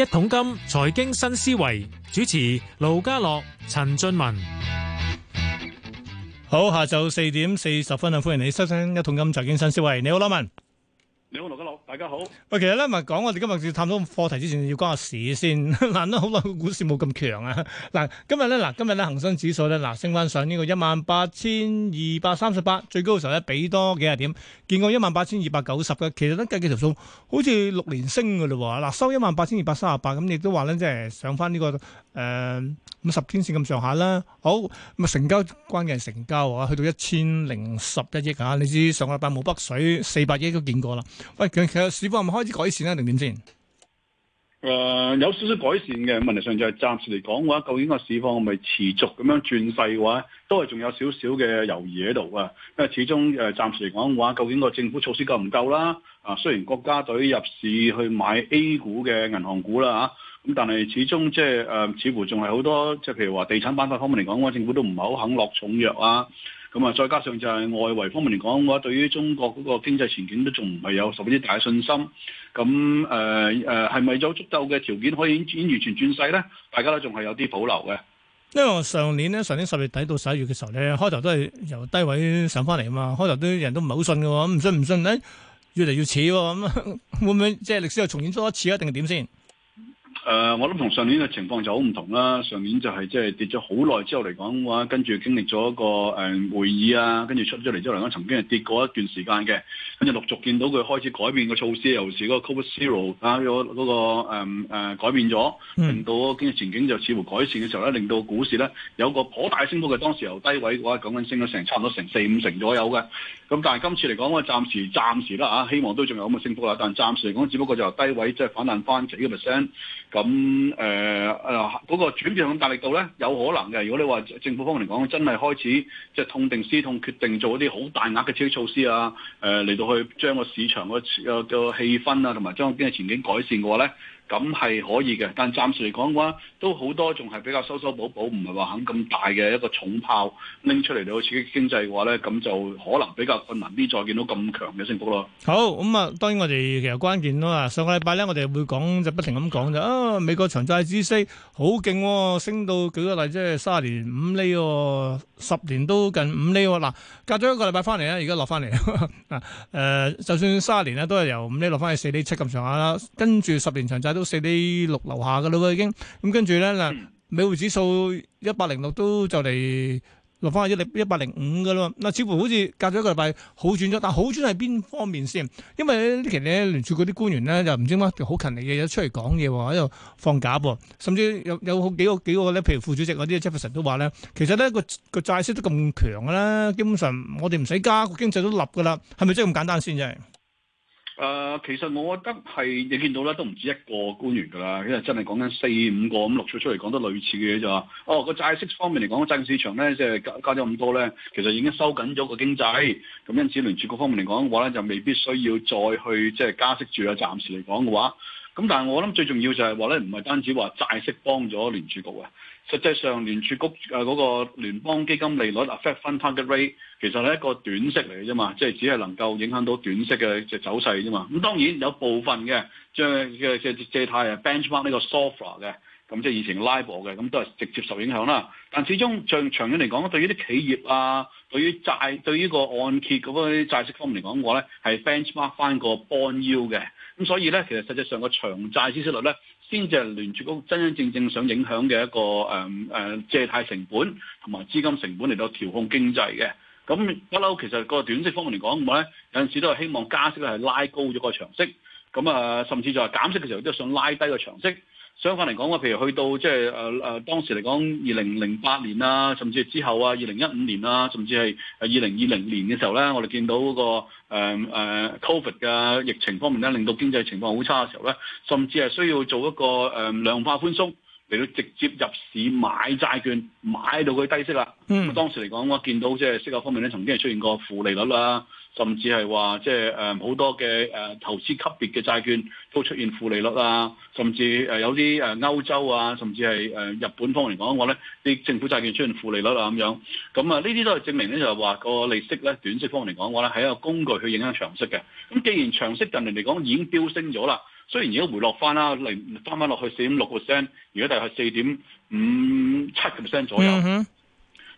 一桶金財經新思維主持盧家樂、陳俊文，好，下晝四點四十分啊，歡迎你收聽《一桶金財經新思維》，你好，老文，你好，盧家樂。大家好。喂，其實咧，咪講我哋今日要探討課題之前，要講下市先。難得好耐個股市冇咁強啊？嗱，今日咧，嗱，今日咧恒生指數咧，嗱，升翻上呢個一萬八千二百三十八，最高嘅時候咧，比多幾十點，見過一萬八千二百九十嘅。其實咧計幾條數，好似六年升嘅嘞。嗱，收一萬八千二百三十八，咁亦都話咧，即係上翻呢個誒咁十天線咁上下啦。好，咪成交關鍵成交啊，去到一千零十一億啊。你知上個禮拜冇北水四百億都見過啦。喂，市況係咪開始改善咧，定點先？誒、呃，有少少改善嘅問題上就係暫時嚟講嘅話，究竟個市況係咪持續咁樣轉勢嘅話，都係仲有少少嘅猶豫喺度啊。因為始終誒，暫、呃、時嚟講嘅話，究竟個政府措施夠唔夠啦？啊，雖然國家隊入市去買 A 股嘅銀行股啦吓，咁、啊、但係始終即係誒，似乎仲係好多即係譬如話地產板塊方面嚟講嘅話，政府都唔係好肯落重藥啦。啊咁啊，再加上就係外圍方面嚟講嘅話，對於中國嗰個經濟前景都仲唔係有十分之大嘅信心。咁誒誒，係、呃、咪、呃、有足夠嘅條件可以已經完全轉勢咧？大家都仲係有啲保留嘅。因為我上年咧，上年十月底到十一月嘅時候咧，開頭都係由低位上翻嚟啊嘛，開頭啲人都唔係好信嘅喎，唔信唔信咧、哎，越嚟越似喎、啊，咁會唔會即係歷史又重演多一次啊？定係點先？誒、呃，我諗同上年嘅情況就好唔同啦。上年就係即係跌咗好耐之後嚟講嘅話，跟住經歷咗一個誒、嗯、會議啊，跟住出咗嚟之後嚟講曾經係跌過一段時間嘅，跟住陸續見到佢開始改變個措施，尤其是個 Covid Zero 啊，有、那、嗰個、嗯啊、改變咗，令到經濟前景就似乎改善嘅時候咧，令到股市咧有個頗大升幅嘅。當時由低位嘅話，講緊升咗成差唔多成，多成四五成左右嘅。咁但係今次嚟講我暫時暫時啦嚇、啊，希望都仲有咁嘅升幅啦。但係暫時嚟講，只不過就由低位即係反彈返幾個 percent。咁誒誒嗰個轉變咁大力度咧，有可能嘅。如果你話政府方面嚟講，真係開始即係、就係、痛定思痛，決定做一啲好大額嘅刺激措施啊，誒、呃、嚟到去將個市場個、呃那個氣氛啊，同埋將個經濟前景改善嘅話咧。咁係可以嘅，但係暫時嚟講嘅話，都好多仲係比較收收補補，唔係話肯咁大嘅一個重炮拎出嚟到刺激經濟嘅話咧，咁就可能比較困難啲，再見到咁強嘅升幅咯。好，咁、嗯、啊，當然我哋其實關鍵啦，上個禮拜咧，我哋會講就不停咁講就啊，美國長債孳息好勁，升到舉個例即係三十年五厘喎、哦，十年都近五厘喎、哦，嗱，隔咗一個禮拜翻嚟咧，而家落翻嚟嗱，誒、 呃，就算三十年咧都係由五厘落翻去四厘七咁上下啦，跟住十年長債都四點六樓下噶啦喎，已經咁跟住咧嗱，呢嗯、美匯指數一百零六都就嚟落翻去一零一百零五噶啦，嗱似乎好似隔咗一個禮拜好轉咗，但好轉係邊方面先？因為期呢期咧聯儲嗰啲官員咧就唔知乜好勤力嘅，又出嚟講嘢喎，喺度放假喎，甚至有有好幾個幾個咧，譬如副主席嗰啲 Jefferson 都話咧，其實咧個個債息都咁強噶啦，基本上我哋唔使加，個經濟都立噶啦，係咪真係咁簡單先啫？誒、呃，其實我覺得係你見到咧，都唔止一個官員噶啦，因為真係講緊四五個咁陸續出嚟講得類似嘅嘢就啫、是。哦，個債息方面嚟講，債市場咧即係加加咗咁多咧，其實已經收緊咗個經濟，咁因此聯儲局方面嚟講嘅話咧，就未必需要再去即係、就是、加息住啦。暫時嚟講嘅話，咁但係我諗最重要就係話咧，唔係單止話債息幫咗聯儲局啊，實際上聯儲局誒嗰、呃那個聯邦基金利率 affect 翻 target rate。其實係一個短息嚟嘅啫嘛，即係只係能夠影響到短息嘅即係走勢啫嘛。咁當然有部分嘅將嘅嘅借貸啊，benchmark 呢個 SOFR 嘅，咁即係以前 LIBOR 嘅，咁都係直接受影響啦。但始終長長遠嚟講，對於啲企業啊，對於債，對於個按揭嗰啲債息方面嚟講嘅話咧，係 benchmark 翻個 bond yield 嘅。咁所以咧，其實實際上個長債孳息率咧，先至係聯儲局真真正，正正想影響嘅一個誒誒、嗯啊、借貸成本同埋資金成本嚟到調控經濟嘅。咁不嬲，嗯、一其實個短息方面嚟講，咁咧有陣時都係希望加息咧係拉高咗個長息，咁、嗯、啊、呃，甚至就係減息嘅時候都想拉低個長息。相反嚟講，我譬如去到即係誒誒當時嚟講，二零零八年啦、啊，甚至係之後啊，二零一五年啦、啊，甚至係誒二零二零年嘅時候咧，我哋見到嗰、那個誒、呃呃、Covid 嘅疫情方面咧，令到經濟情況好差嘅時候咧，甚至係需要做一個誒、呃、量化寬鬆。嚟到直接入市買債券，買到佢低息啦。咁、嗯、當時嚟講，我見到即、就、係、是、息口方面咧，曾經係出現過負利率啦，甚至係話即係誒好多嘅誒、呃、投資級別嘅債券都出現負利率啦，甚至誒有啲誒歐洲啊，甚至係誒、呃、日本方面嚟講嘅話咧，啲政府債券出現負利率啦咁樣。咁啊，呢啲都係證明咧，就係話個利息咧，短息方面嚟講嘅話咧，係一個工具去影響長息嘅。咁既然長息近年嚟講已經飆升咗啦。雖然而家回落翻啦，零翻翻落去四點六個 percent，而家大概四點五七個 percent 左右，mm hmm.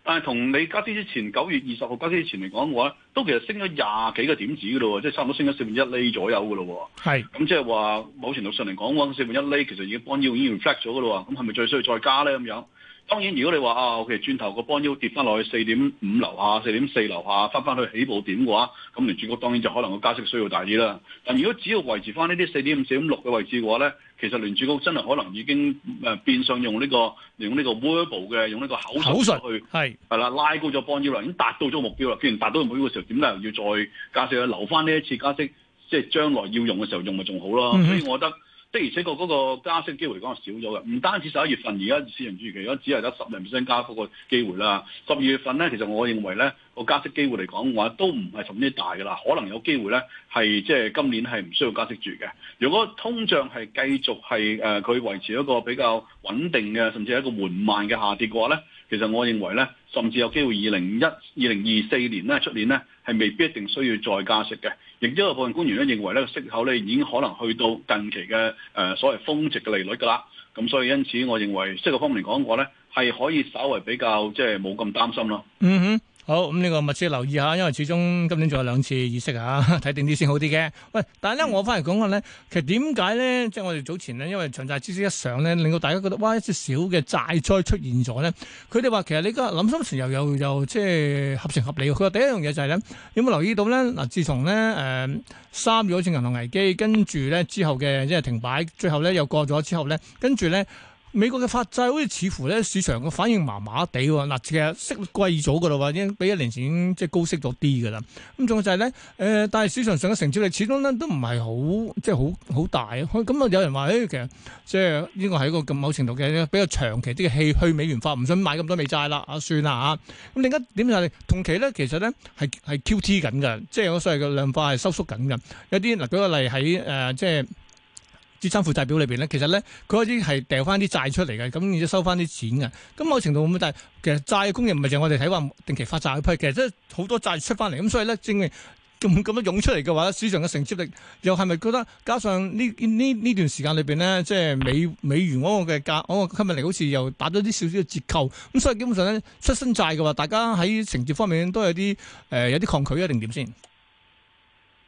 但係同你加息之前九月二十號加息之前嚟講嘅話，都其實升咗廿幾個點子嘅咯喎，即係差唔多升咗四分一厘左右嘅咯喎。係，咁即係話某程度上嚟講四分一厘其實已經幫要已經 reflect 咗嘅啦喎，咁係咪最需要再加咧咁樣？當然，如果你話啊，OK，轉頭個邦腰跌翻落去四點五樓下、四點四樓下，翻翻去起步點嘅話，咁聯儲局當然就可能個加息需要大啲啦。但如果只要維持翻呢啲四點五、四點六嘅位置嘅話咧，其實聯儲局真係可能已經誒、呃、變相用呢、這個用呢個 verbal 嘅用呢個口口術去係係啦，拉高咗邦腰啦，已經達到咗目標啦。既然達到目標嘅時候，點解又要再加息去留翻呢一次加息？即係將來要用嘅時候用咪仲好咯？嗯、哼所以我覺得。的而且確嗰個加息機會嚟講係少咗嘅，唔單止十一月份，而家市場預期如果只係得十零 percent 加幅嘅機會啦。十二月份咧，其實我認為咧個加息機會嚟講嘅話，都唔係咁之大嘅啦。可能有機會咧係即係今年係唔需要加息住嘅。如果通脹係繼續係誒佢維持一個比較穩定嘅，甚至係一個緩慢嘅下跌嘅話咧，其實我認為咧，甚至有機會二零一二零二四年咧出年咧係未必一定需要再加息嘅。亦都有部分官員咧認為咧息口咧已經可能去到近期嘅誒所謂峰值嘅利率㗎啦，咁所以因此，我認為息口方面嚟講過咧，係可以稍為比較即係冇咁擔心咯。嗯哼。好咁，呢個密切留意下，因為始終今年仲有兩次議息嚇，睇定啲先好啲嘅。喂，但係咧，我翻嚟講下咧，其實點解咧？即係我哋早前咧，因為長債孳息一上咧，令到大家覺得哇，一啲小嘅債災出現咗咧。佢哋話其實你個諗心時又又又即係合情合理。佢話第一樣嘢就係咧，有冇留意到咧？嗱，自從咧誒三月好似銀行危機，跟住咧之後嘅即係停擺，最後咧又過咗之後咧，跟住咧。美國嘅發債好似似乎咧，市場嘅反應麻麻地喎。嗱，其實息率貴咗噶啦喎，已經比一年前已經即係高息咗啲噶啦。咁仲有就係、是、咧，誒、呃，但係市場上嘅成交量始終咧都唔係好，即係好好大。咁、嗯、啊有人話誒、欸，其實即係呢個係一個咁某程度嘅比較長期啲嘅氣去美元化，唔想買咁多美債啦，啊算啦嚇。咁另一點就係同期咧，其實咧係係 QT 緊嘅，即係、就是、我所謂嘅量化係收縮緊嘅。有啲嗱，舉個例喺誒、呃、即係。資產負債表裏邊咧，其實咧佢可以係掉翻啲債出嚟嘅，咁而且收翻啲錢嘅，咁某程度咁，但係其實債嘅供應唔係就我哋睇話定期發債嘅批，其實即係好多債出翻嚟，咁所以咧證明咁咁樣湧出嚟嘅話，市場嘅承接力又係咪覺得？加上呢呢呢段時間裏邊咧，即係美美元嗰個嘅價嗰今日嚟好似又打咗啲少少嘅折扣，咁所以基本上咧出新債嘅話，大家喺承接方面都有啲誒、呃、有啲抗拒啊，定點先？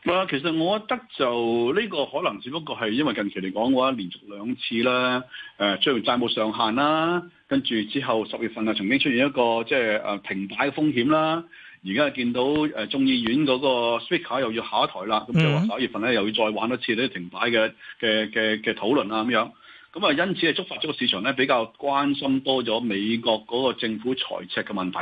嗱，其實我覺得就呢個可能只不過係因為近期嚟講嘅話，連續兩次啦，誒出現債務上限啦，跟住之後十月份啊曾經出現一個即係誒停擺嘅風險啦，而家見到誒、呃、眾議院嗰個 Speaker 又要下一台啦，咁就係話十一月份咧又要再玩一次呢啲停擺嘅嘅嘅嘅討論啊咁樣。咁啊，因此係觸發咗個市場咧，比較關心多咗美國嗰個政府財赤嘅問題。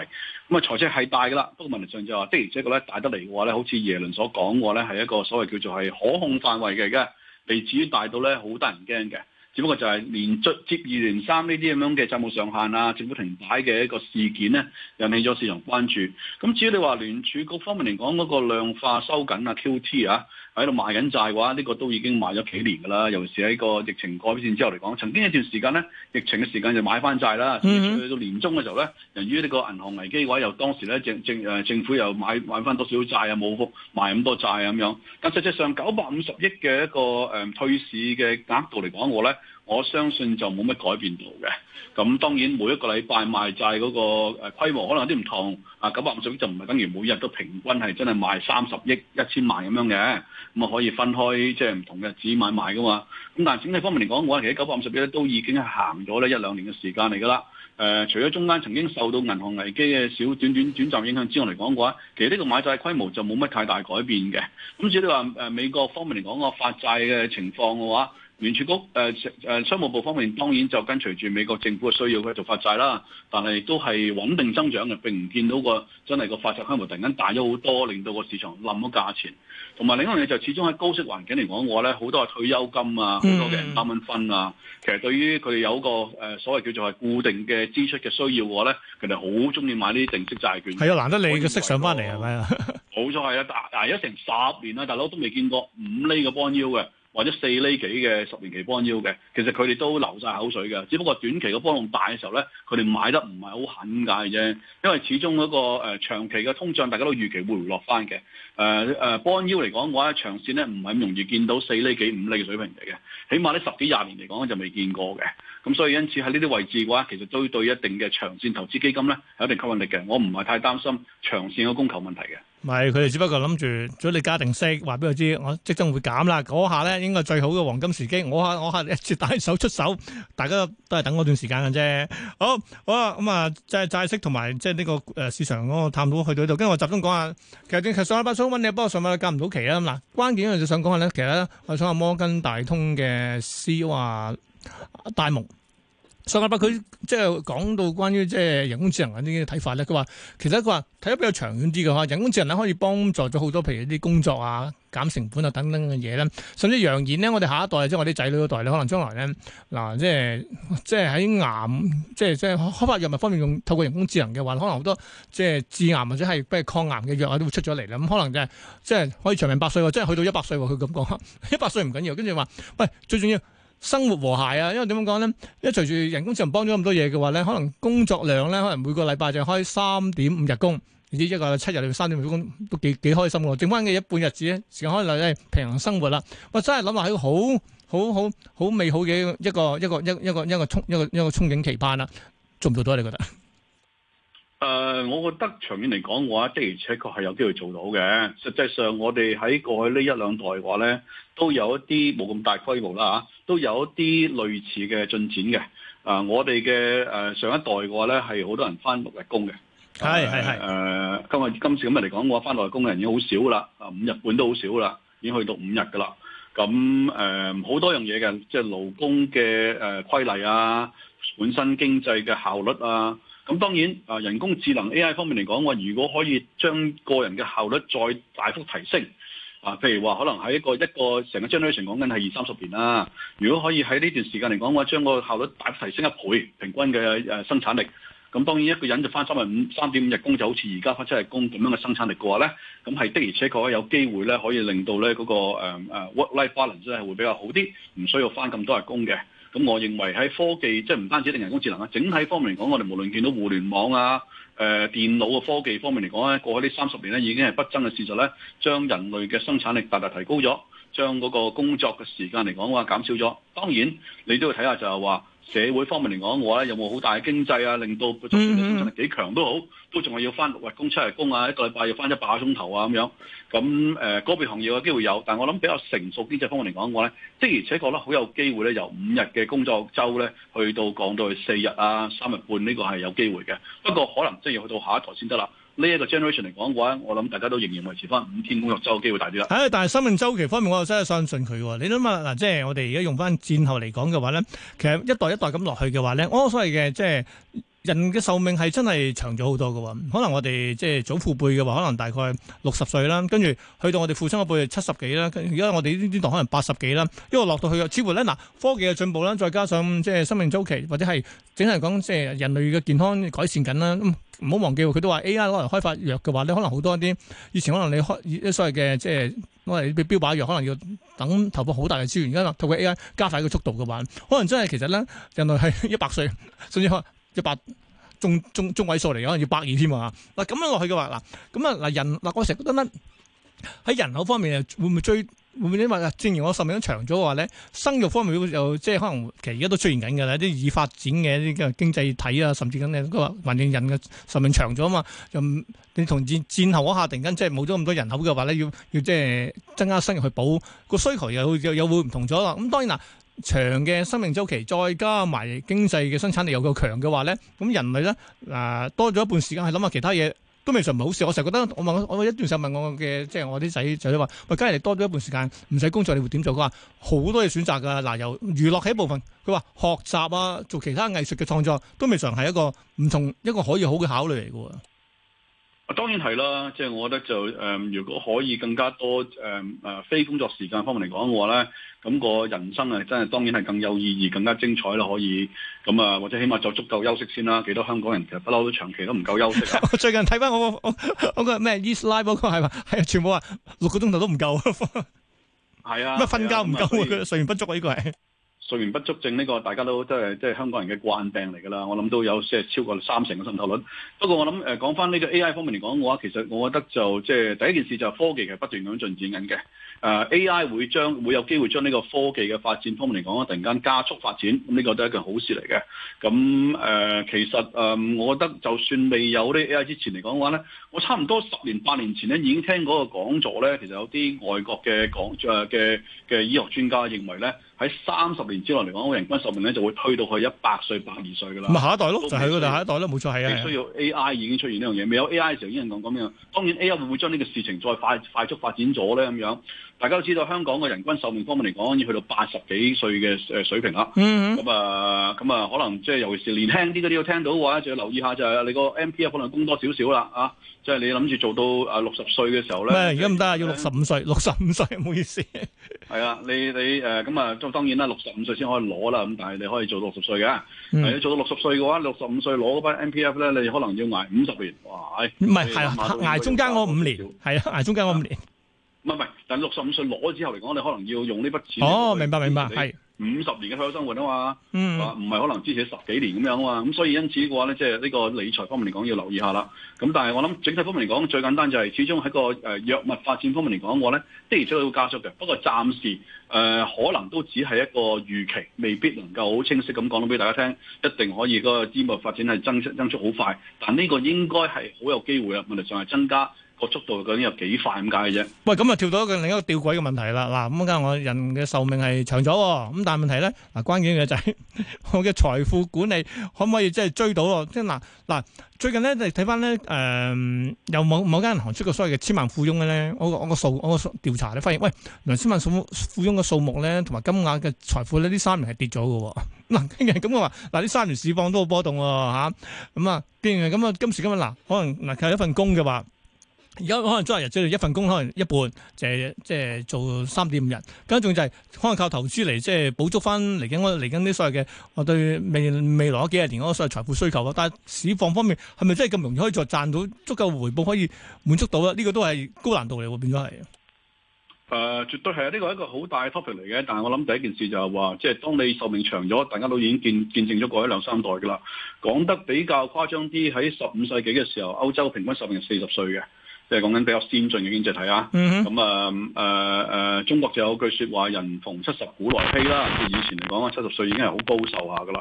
咁啊，財赤係大㗎啦，不過問題上就係話，的而且確咧大得嚟嘅話咧，好似耶倫所講嘅話咧，係一個所謂叫做係可控範圍嘅而家，未至於大到咧好得人驚嘅。只不過就係連接接二連三呢啲咁樣嘅債務上限啊、政府停擺嘅一個事件咧，引起咗市場關注。咁至於你話聯儲局方面嚟講嗰個量化收緊啊、QT 啊，喺度賣緊債嘅話，呢個都已經賣咗幾年㗎啦。尤其是喺個疫情改善之後嚟講，曾經一段時間咧，疫情嘅時間就買翻債啦。嗯、mm。去、hmm. 到年中嘅時候咧，由於呢個銀行危機嘅話，又當時咧政政誒政府又買買翻多少債啊，冇賣咁多債咁樣。但實際上九百五十億嘅一個誒退市嘅額度嚟講，我咧。我相信就冇乜改變到嘅，咁當然每一個禮拜賣債嗰個誒規模可能有啲唔同，啊九百五十億就唔係等於每日都平均係真係賣三十億一千萬咁樣嘅，咁啊可以分開即係唔同嘅日子買賣噶嘛。咁但係整體方面嚟講嘅話，其實九百五十億咧都已經係行咗呢一兩年嘅時間嚟㗎啦。誒、啊，除咗中間曾經受到銀行危機嘅小短，短短短暫影響之外嚟講嘅話，其實呢個買債規模就冇乜太大改變嘅。咁至於你話誒美國方面嚟講個發債嘅情況嘅話，聯儲局誒誒、呃，商務部方面當然就跟隨住美國政府嘅需要，佢做發債啦。但係都係穩定增長嘅，並唔見到個真係個發債規模突然間大咗好多，令到個市場冧咗價錢。同埋另一樣嘢就始終喺高息環境嚟講，我咧好多係退休金啊，好多嘅人蚊分啊，其實對於佢哋有個誒、呃、所謂叫做係固定嘅支出嘅需要，嘅話咧佢哋好中意買呢啲定息債券。係啊，難得你嘅息上翻嚟係咪啊！冇、嗯、錯係啊，大大咗成十年啦，大佬都未見過五厘嘅幫腰嘅。或者四厘幾嘅十年期幫腰嘅，其實佢哋都流晒口水嘅，只不過短期個波動大嘅時候咧，佢哋買得唔係好狠㗎啫，因為始終嗰、那個誒、呃、長期嘅通脹大家都預期會落翻嘅，誒誒幫腰嚟講嘅話，長線咧唔係咁容易見到四厘幾五厘嘅水平嚟嘅，起碼呢十幾廿年嚟講就未見過嘅，咁所以因此喺呢啲位置嘅話，其實都對，對一定嘅長線投資基金咧係一定吸引力嘅，我唔係太擔心長線嘅供求問題嘅。咪佢哋只不過諗住，如果你加定息，話俾佢知，我即將會減啦。嗰下咧，應該係最好嘅黃金時機。我下我下一次大手出手，大家都係等嗰段時間嘅啫。好好啊，咁啊，債債息同埋即係呢個誒市場嗰個探討去到呢度，跟住我集中講下。其實上禮拜想問你，不過我上翻佢夾唔到期啦。嗱、嗯，關鍵就想講下咧，其實我想阿摩根大通嘅司話戴蒙。上禮拜佢即係講到關於即係人工智能嗰啲睇法咧，佢話其實佢話睇得比較長遠啲嘅話，人工智能咧可以幫助咗好多，譬如啲工作啊、減成本啊等等嘅嘢咧。甚至揚言咧，我哋下一代即係、就是、我啲仔女代可能將來咧嗱，即係即係喺癌，即係即係開發藥物方面用透過人工智能嘅話，可能好多即係治癌或者係譬如抗癌嘅藥啊都會出咗嚟啦。咁可能就係即係可以長命百歲喎，即係去到一百歲喎。佢咁講，一百歲唔緊要。跟住話，喂，最重要。生活和諧啊，因為點樣講咧？一隨住人工智能幫咗咁多嘢嘅話咧，可能工作量咧，可能每個禮拜就開三點五日工，依一個七日三點五日工都幾幾開心嘅、啊、喎。剩翻嘅一半日子咧，時間開嚟咧、哎、平衡生活啦、啊。我真係諗下，喺好好好好美好嘅一個一個一個一個一個憧一個一個,一個憧憬期盼啦、啊。做唔做到咧？你覺得？誒，uh，我覺得長遠嚟講嘅話，的而且確係有機會做到嘅。實際上，我哋喺過去呢一兩代嘅話咧，都有一啲冇咁大規模啦嚇、啊，都有一啲類似嘅進展嘅。誒、啊，我哋嘅誒上一代嘅話咧，係好多人翻六日工嘅。係係係誒，今日今時今日嚟講嘅話，翻六日工嘅人已經好少啦。啊，五日半都好少啦，已經去到五日噶啦。咁誒，好、呃、多樣嘢嘅，即係勞工嘅誒、呃、規例啊，本身經濟嘅效率啊。咁當然，誒、呃、人工智能 AI 方面嚟講，我如果可以將個人嘅效率再大幅提升，啊，譬如話可能喺一個一個成個 generation 講緊係二三十年啦、啊，如果可以喺呢段時間嚟講，我將個效率大幅提升一倍，平均嘅誒、呃、生產力，咁當然一個人就翻三日五三點五日工，就好似而家翻七日工咁樣嘅生產力嘅話咧，咁係的而且確有機會咧，可以令到咧、那、嗰個誒、呃啊、work-life balance 係會比較好啲，唔需要翻咁多日工嘅。咁我認為喺科技即係唔單止定人工智能啦，整體方面嚟講，我哋無論見到互聯網啊、誒、呃、電腦嘅科技方面嚟講咧，過去呢三十年咧，已經係不爭嘅事實咧，將人類嘅生產力大大大提高咗，將嗰個工作嘅時間嚟講嘅話減少咗。當然，你都要睇下就係話。社會方面嚟講，我咧有冇好大嘅經濟啊？令到佢集團嘅生產力幾強都好，都仲係要返六日工、七日工啊！一個禮拜要返一百個鐘頭啊咁樣。咁誒，個別行業有機會有，但我諗比較成熟經濟方面嚟講，我咧的而且確咧好有機會咧，由五日嘅工作週咧，去到降到去四日啊、三日半呢、這個係有機會嘅。不過可能真係要去到下一台先得啦。呢一個 generation 嚟講嘅話，我諗大家都仍然維持翻五天工作週嘅機會大啲啦。嚇、哎！但係生命週期方面，我又真係相信佢、哦。你諗下，嗱，即係我哋而家用翻戰後嚟講嘅話咧，其實一代一代咁落去嘅話咧，我、哦、所謂嘅即係。人嘅壽命係真係長咗好多噶，可能我哋即係祖父輩嘅話，可能大概六十歲啦，跟住去到我哋父親嗰輩係七十幾啦，而家我哋呢啲代可能八十幾啦，因為落到去啊，似乎咧嗱，科技嘅進步啦，再加上即係生命周期或者係整體嚟講，即係人類嘅健康改善緊啦，唔、嗯、好忘記佢都話 A.I. 可能開發藥嘅話你可能好多一啲以前可能你開所謂嘅即係攞嚟嘅標靶藥，可能要等投放好大嘅資源，而家透過 A.I. 加快個速度嘅話，可能真係其實咧人類係一百歲甚至可。一百中中中位數嚟講，可能要百二添啊！嗱咁樣落去嘅話，嗱咁啊嗱人嗱、啊、我成日覺得咧，喺人口方面會唔會追會唔會因為、啊、正如我壽命都長咗嘅話咧，生育方面又即係可能其實而家都出現緊嘅啦。啲已發展嘅啲經濟體啊，甚至咁嘅都話，環境人嘅壽命長咗啊嘛，就你同戰戰後嗰下突然間即係冇咗咁多人口嘅話咧，要要即係增加生育去補個需求又又又，又會唔同咗啦。咁、啊、當然嗱、啊。長嘅生命週期，再加埋經濟嘅生產力又夠強嘅話咧，咁人類咧啊、呃、多咗一半時間去諗下其他嘢，都未嘗唔好事。我成日覺得，我問我我一段時間問我嘅，即係我啲仔仔都話，喂，假如多咗一半時間唔使工作，你會點做？佢話好多嘢選擇噶，嗱、呃，由娛樂起一部分，佢話學習啊，做其他藝術嘅創作，都未嘗係一個唔同一個可以好嘅考慮嚟嘅。當然係啦，即、就、係、是、我覺得就誒、呃，如果可以更加多誒誒、呃呃、非工作時間方面嚟講嘅話咧，咁、那個人生啊真係當然係更有意義、更加精彩咯，可以咁啊、呃，或者起碼就足夠休息先啦。幾多香港人其實不嬲都長期都唔夠休息，啊。最近睇翻我我我，我 East、那個咩 East Live 嗰個係嘛係啊，全部話六個鐘頭都唔夠，係 啊的，乜瞓覺唔夠睡眠不足啊，依、這個係。睡眠不足症呢個大家都都係即係香港人嘅慣病嚟㗎啦，我諗都有即係超過三成嘅滲透率。不過我諗誒講返呢個 AI 方面嚟講嘅話，其實我覺得就即係第一件事就係科技係不斷咁進展緊嘅。誒 AI 會將會有機會將呢個科技嘅發展方面嚟講突然間加速發展，呢個都係一件好事嚟嘅。咁誒其實誒我覺得就算未有呢 AI 之前嚟講嘅話咧，我差唔多十年八年前咧已經聽嗰個講座咧，其實有啲外國嘅講誒嘅嘅醫學專家認為咧。喺三十年之內嚟講，人均壽命咧就會推到去一百歲、百二歲噶啦。咁下一代咯、就係，就係下一代咯，冇錯。係啊，必須要 AI 已經出現呢樣嘢。未有 AI 嘅時候已經講講咁樣。當然 AI 會唔會將呢個事情再快快速發展咗咧咁樣。大家都知道香港嘅人均壽命方面嚟講，已經去到八十幾歲嘅誒水平啦。嗯咁、嗯、啊，咁啊，可能即係尤其是年輕啲嗰啲要聽到嘅話，就要留意下就係、是、你個 MPF 可能供多少少啦啊。即、就、係、是、你諗住做到啊六十歲嘅時候咧？唔而家唔得，要六十五歲，六十五歲，唔好意思。 係啊，你你誒咁啊，咁、呃、當然啦，六十五歲先可以攞啦，咁但係你可以做到六十歲嘅。誒、嗯，做到六十歲嘅話，六十五歲攞嗰筆 M P F 咧，你可能要捱五十年，哇！唔係、嗯，係啊，捱中間嗰五年，係啊，捱中間嗰五年。唔係唔係，但六十五歲攞咗之後嚟講，你可能要用呢筆錢。哦，明白明白，係。五十年嘅退休生活，mm. 啊嘛，唔係可能支持十幾年咁樣啊嘛，咁、嗯、所以因此嘅話咧，即係呢個理財方面嚟講要留意下啦。咁但係我諗整體方面嚟講，最簡單就係始終喺個誒、呃、藥物發展方面嚟講嘅話咧，的而且確會加速嘅。不過暫時誒、呃、可能都只係一個預期，未必能夠好清晰咁講到俾大家聽，一定可以嗰、這個藥物發展係增速增速好快。但呢個應該係好有機會啊，問題上係增加。個速度究竟有幾快咁解嘅啫。喂，咁啊跳到一個另一個吊詭嘅問題啦。嗱，咁梗我人嘅壽命係長咗，咁但係問題咧，嗱關鍵嘅就係我嘅財富管理可唔可以即係追到咯？即係嗱嗱，最近咧就睇翻咧，誒，有某某間銀行出過所謂嘅千萬富翁咧，我我個數我個調查咧發現，喂，兩千萬數富翁嘅數目咧，同埋金額嘅財富呢，呢三年係跌咗嘅。嗱，既然咁我話嗱，呢三年市況都波動吓，咁啊，既然咁啊，今時今日嗱，可能嗱佢靠一份工嘅話。而家可能昨日日即係一份工，可能一半即係即係做三點五日。咁仲就係可能靠投資嚟即係補足翻嚟緊，我嚟緊啲所謂嘅我對未未來嗰幾十年嗰個所謂財富需求咯。但係市況方面係咪真係咁容易可以再賺到足夠回報，可以滿足到咧？呢、這個都係高難度嚟喎，變咗係。誒、呃，絕對係啊！呢、這個係一個好大 topic 嚟嘅。但係我諗第一件事就係話，即係當你壽命長咗，大家都已經見見，見證咗過一兩三代㗎啦。講得比較誇張啲，喺十五世紀嘅時候，歐洲平均壽命係四十歲嘅。即係講緊比較先進嘅經濟體啊，咁啊誒、誒，中國就有句説話：人逢七十古來稀啦。以前嚟講啊，七十歲已經係好高壽下㗎啦。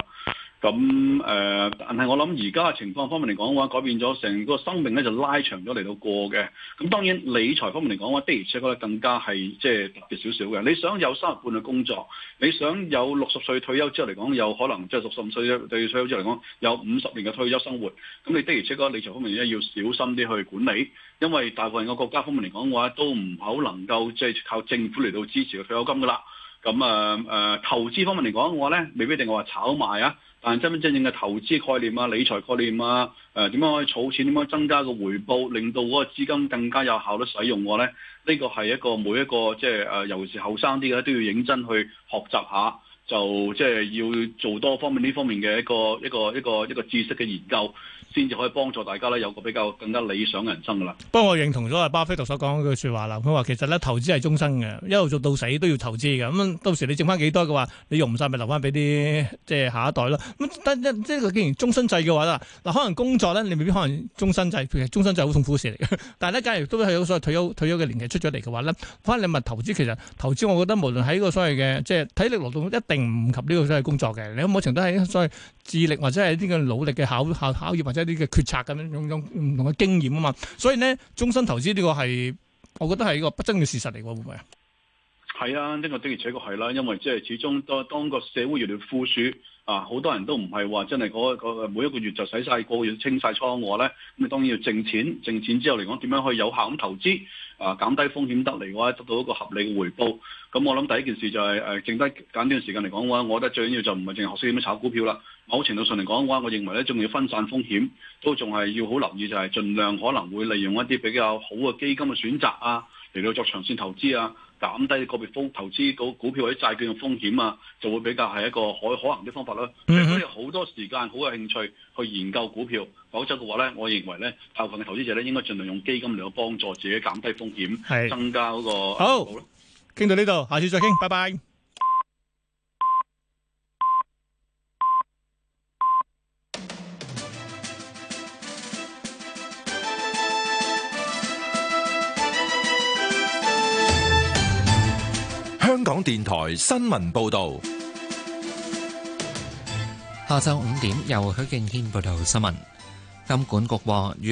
咁誒、呃，但係我諗而家嘅情況方面嚟講嘅話，改變咗成個生命咧就拉長咗嚟到過嘅。咁當然理財方面嚟講嘅話，的而且確咧更加係即係特別少少嘅。你想有三日半嘅工作，你想有六十歲退休之後嚟講，有可能即係六十五歲退休之後嚟講有五十年嘅退休生活，咁你的而且確理財方面咧要小心啲去管理，因為大部分嘅國家方面嚟講嘅話都唔好能夠即係、就是、靠政府嚟到支持嘅退休金㗎啦。咁啊誒，投資方面嚟講嘅話咧，未必定我話炒賣啊。但真真正正嘅投資概念啊、理財概念啊、誒點樣可以儲錢、點樣增加個回報，令到嗰個資金更加有效率使用我咧？呢個係一個每一個即係誒，尤其是後生啲嘅都要認真去學習下，就即係、就是、要做多方面呢方面嘅一個一個一個一個知識嘅研究。先至可以幫助大家咧，有個比較更加理想嘅人生㗎啦。不過我認同咗阿巴菲特所講一句説話啦，佢話其實咧投資係終生嘅，一路做到死都要投資㗎。咁到時你剩翻幾多嘅話，你用唔晒咪留翻俾啲即係下一代咯。咁即係既然終身制嘅話啦，嗱可能工作咧你未必可能終身制，其實終身制好痛苦事嚟嘅。但係咧，假如都係有所謂退休退休嘅年期出咗嚟嘅話咧，翻你物投資其實投資，我覺得無論喺個所謂嘅即係體力勞動一定唔及呢個所謂工作嘅，你冇情都係所謂智力或者係啲嘅努力嘅考考考驗或者。一啲嘅決策咁樣用用唔同嘅經驗啊嘛，所以咧終身投資呢個係，我覺得係一個不爭嘅事實嚟，會唔會啊？係啊，呢個的而且確係啦，因為即係始終當當個社會越嚟越富庶啊，好多人都唔係話真係嗰個每一個月就使晒個月清晒倉嘅話咧，咁、啊、你當然要剩錢，剩錢之後嚟講點樣可以有效咁投資啊，減低風險得嚟嘅話，得到一個合理嘅回報。咁我諗第一件事就係、是、誒，剩低揀短時間嚟講嘅話，我覺得最緊要就唔係淨係學識點樣炒股票啦。某程度上嚟講嘅話，我認為咧仲要分散風險，都仲係要好留意，就係儘量可能會利用一啲比較好嘅基金嘅選擇啊，嚟到作長線投資啊，減低個別風投資股票或者債券嘅風險啊，就會比較係一個可可行嘅方法咯。如果你好多時間好有興趣去研究股票，否則嘅話咧，我認為咧，大部分嘅投資者咧應該儘量用基金嚟到幫助自己減低風險，是增加嗰、嗰個。好，傾到呢度，下次再傾，拜拜。香港電台新聞報道，下晝五點，由許敬軒報道新聞。金管局話：